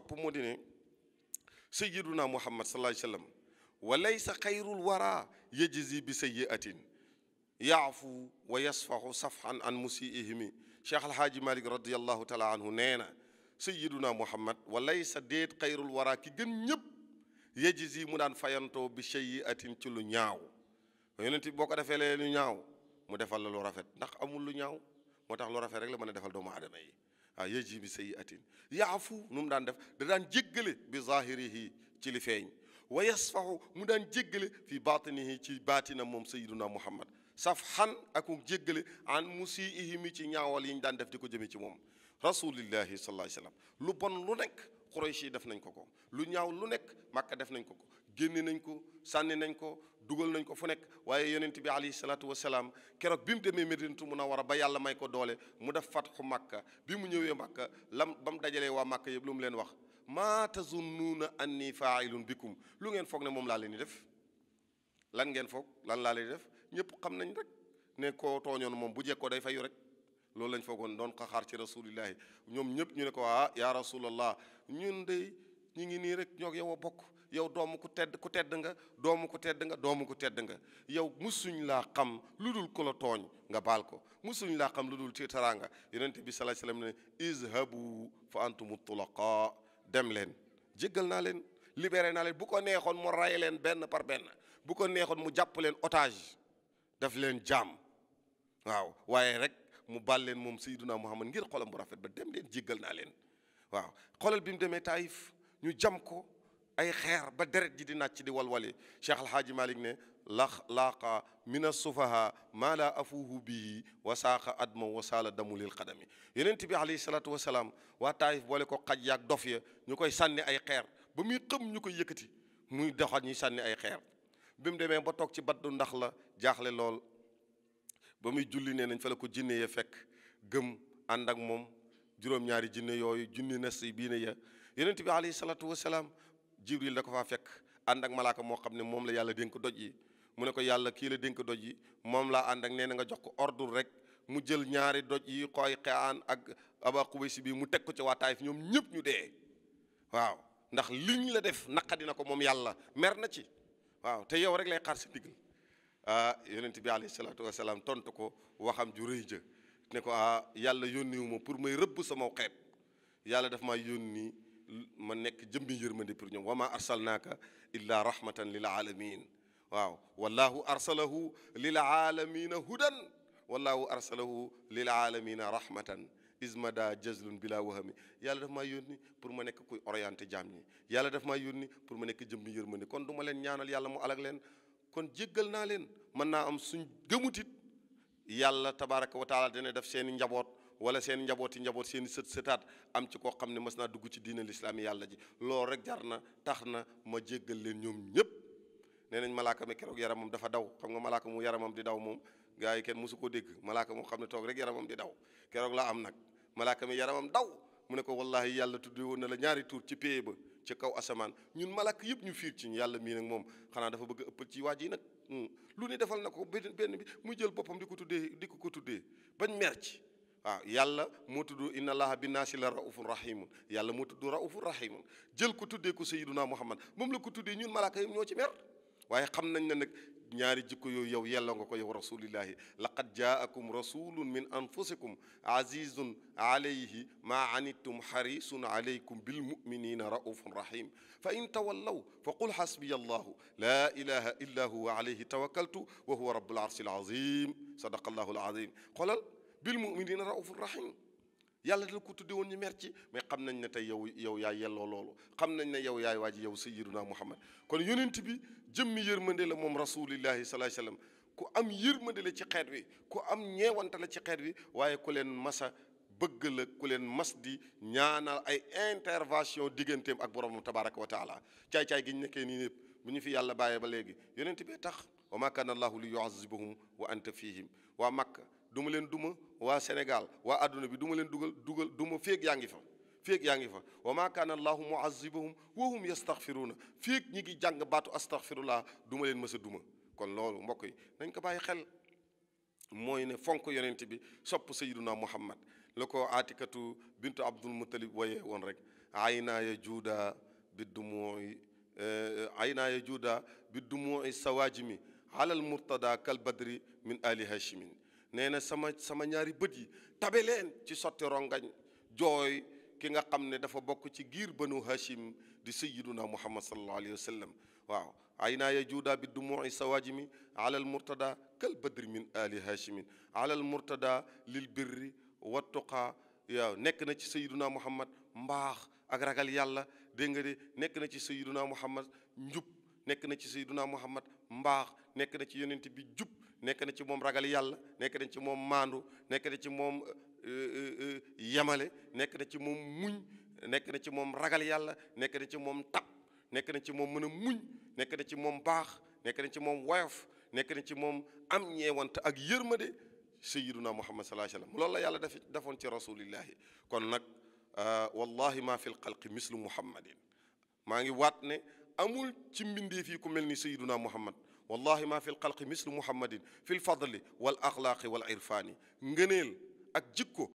topp moo di ne sayyiduna muhammad sallallahu alayhi wasallam wa laysa xayrul wara yajzi bi sayyi'atin yafu wa yasfahu safhan an musiihimi cheikh alhaaji malik radiallahu taala anhu nee na sayiduna muhammad wa laysa déet xayrul wara ki gën ñëpp yajzi mu daan fayantoo bi sayyi'atin ci lu ñaaw yonent bi boo ko defee leen lu ñaaw mu defal la lu rafet ndax amul lu ñaaw moo tax lu rafet rek la mën a defal doomu aadama yi waaw yejji bi sayi atin yaafu nu mu daan def da daan jéggale bi zahirihi ci li feeñ wa yasfahu mu daan jéggale fi batinihi ci baatina moom sayiduna muhammad saf xan aku jéggale an musiihi mi ci ñaawal yi ñu daan def di ko jëmee ci moom rasulillahi sallallahu alayhi wa sallam lu bon lu nekk Quraysh yi def nañ ko ko lu ñaaw lu nekk Makka def nañ ko ko génne nañ ko sànni nañ ko dugal nañ ko fu nekk waaye yonent bi alayhi salaatu wasalaam keroog bi mu demee war a ba yàlla may ko doole mu def fat fatxu màkka bi mu ñëwee màkka lam ba mu dajalee waa màkka yëpp lu mu leen wax maa tazunnuuna anni faailun bikum lu ngeen foog ne moom laa leen di def lan ngeen foog lan laa leen di def ñëpp xam nañ rek ne koo tooñoon moom bu jekkoo day fayu rek loolu lañ foogoon doon ko xaar ci rasulillahi ñoom ñëpp ñu ne ko ah yaa rasulallah ñu ngi nii rek ñoo yow a bokk yow doomu ku tedd ku tedd nga doomu ku tedd nga doomu ku tedd nga yow musuñ laa xam lu dul ku la tooñ nga baal ko musuñ laa xam lu dul ci taraanga yonente bi sallallahu alayhi wasallam ne izhabu fa antumu tulaqa dem leen jéggal naa leen libéré naa leen bu ko neexoon mu ray leen benn par benn bu ko neexoon mu jàpp leen otage daf leen jaam waaw waaye rek mu baal leen moom sayyiduna muhammad ngir xolam bu rafet ba dem leen jéggal naa leen waaw ñu jam ko ay xeer ba deret ji di nàcc di walwali cheikh alhaaji malik ne lax laaqa min assufaha maa laa afuuhu bihi wasaaqa adma wasaala damu lil qadami yonent bi alayhi salaatu wasalaam waa taayif boole ko xaj yaag dof ya ñu koy sànni ay xeer ba muy xëm ñu koy yëkkati muy doxat ñuy sànni ay xeer bi mu demee ba toog ci baddu ndax la jaaxle lool ba muy julli nee nañ fa la ko jinne ya fekk gëm ànd ak moom juróom-ñaari jinne yooyu junni nas yi bii yonent bi alayhi salaatu wasalaam jibril da ko fa fekk ànd ak malaaka moo xam ne moom la yàlla dénk doj yi mu ne ko yàlla kii la dénk doj yi moom laa ànd ak nee na nga jox ko ordre rek mu jël ñaari doj yi xooy xeaan ak aba xubaysi bi mu teg ko ci waa taayif ñoom ñëpp ñu dee waaw ndax liñ la def naqadina ko moom yàlla mer na ci waaw te yow rek lay xaar si ndigal ah yonent bi alayhi salaatu wasalaam tontu ko waxam ju rëy ne ko ah yàlla yónniwu ma pour may rëbb sama xeet yàlla daf maa yónni ma nekk jëmbi yërmande pour ñoom wama arsalnaaka illa rahmatan lil alamin waaw wallahu arsalahu lil alamina hudan wallahu arsalahu lil alamina rahmatan ismada jazlun bila wahami yàlla daf maa yónni pour ma nekk kuy orienté jaam ñi yàlla daf maa yónni pour ma nekk jëmbi yërmande kon du ma leen ñaanal yàlla mu alag leen kon jéggal naa leen mën naa am suñ gëmutit yàlla tabaraka wa taala dana def seeni njaboot wala seen njabooti njaboot seen sët sëtaat am ci koo xam ne mës naa dugg ci diina lislaam yàlla ji loolu rek jar na tax na ma jéggal leen ñoom ñëpp nee nañ malaaka mi keroog yaramam dafa daw xam nga malaaka mu yaramam di daw moom gars yi kenn mosu koo dégg malaaka moo xam ne toog rek yaramam di daw keroog la am nag malaaka mi yaramam daw mu ne ko wallahi yàlla tudd woon na la ñaari tur ci péye ba ci kaw asamaan ñun malaaka yëpp ñu fiir ci yàlla mii nag moom xanaa dafa bëgg ëppal ci waa ji nag hmm. lu ne defal na ko benn bi muy jël boppam di ko tuddee di ko ko tuddee bañ mer waaw ah, yàlla moo tudd inna allaha bi naasi la raufun rahimun yàlla moo tudd raufun rahimun jël ko tuddee ko sayyiduna muhammad moom la ko tuddee ñun malaaka yi ñoo ci mer waaye xam nañ ne nag ñaari jikko yooyu yow yella nga ko yow rasulillahi laqad jaakum rasulun min anfusikum azizun alayhi ma anittum harisun alaykum bilmuminina raufun rahim fa in tawallaw fa qul hasbiya allahu la ilaha illa huwa alayhi tawakkaltu wa huwa rabbul arshil azim sadaqa allahu alazim xoolal bil mu'minina raufur rahim yàlla dina ko tudde woon ñu mer ci mais xam nañ ne tey yow yow yaay yelloo loolu xam nañ ne yow yaay waa ji yow sayyiduna muhammad kon yonent bi jëmmi yërmande la moom rasulillahi sallallahu alayhi wasallam ku am yërmande la ci xeet wi ku am ñeewante la ci xeet wi waaye ku leen masa bëgg la ku leen mas di ñaana ay intervention digganteem ak borom tabaraka wa taala caay-caay gi ñu nekkee nii népp bu ñu fi yàlla bàyyee ba léegi yonent bee tax wa ma kaana allahu li yuazibahum wa anta fihim waa makka duma ma leen duma waa Sénégal waa àdduna bi duma leen dugal dugal duma féeg yaa ngi fa féeg yaa ngi fa wa maa kaana allahu muazibahum wa hum yastaxfiruuna féeg ñi ngi jàng baatu astaxfirullah du ma leen mës duma kon loolu mbokk yi nañ ko bàyyi xel mooy ne fonk yonent bi sopp sayiduna muhammad la ko aatikatu bintu abdul muttalib waye woon rek ayna ya juuda bi dumuuy eh, ayna ya juuda bi dumuuy sawaajimi alal murtada kal badri min ali hashimin nee na sama sama ñaari bët yi tabe leen ci sotti rongañ jooy ki nga xam ne dafa bokk ci giir banu hashim di sayyiduna muhammad sallallahu alayhi wa sallam waaw ay naa ya juuda bi dumuu'i sawaajimi alal murtada kal badri min ali hashimin alal murtada lil birri wa nekk na ci sayyiduna muhammad mbaax ak ragal yàlla dégg de nekk na ci sayyiduna muhammad njub nekk na ci sayyiduna muhammad mbaax nekk na ci yonent bi jub nekk na ci moom ragal yàlla nekk na ci moom maandu nekk na ci moom yamale nekk na ci moom muñ nekk na ci moom ragal yàlla nekk na ci moom tab nekk na ci moom mën a muñ nekk na ci moom baax nekk na ci moom woyof nekk na ci moom am ñeewante ak yërmande sayyiduna muhammad sallallahu alayhi wa sallam loolu la yàlla def defoon ci rasulillahi kon nag wallahi ma fi lxalqi mislu muhammadin maa ngi waat ne amul ci mbindeef yi ku mel ni sayyiduna muhammad wallahi ma fi lxalqi mislu muhammadin fi lfadli wal axlaaqi wal irfaani ngëneel ak jikko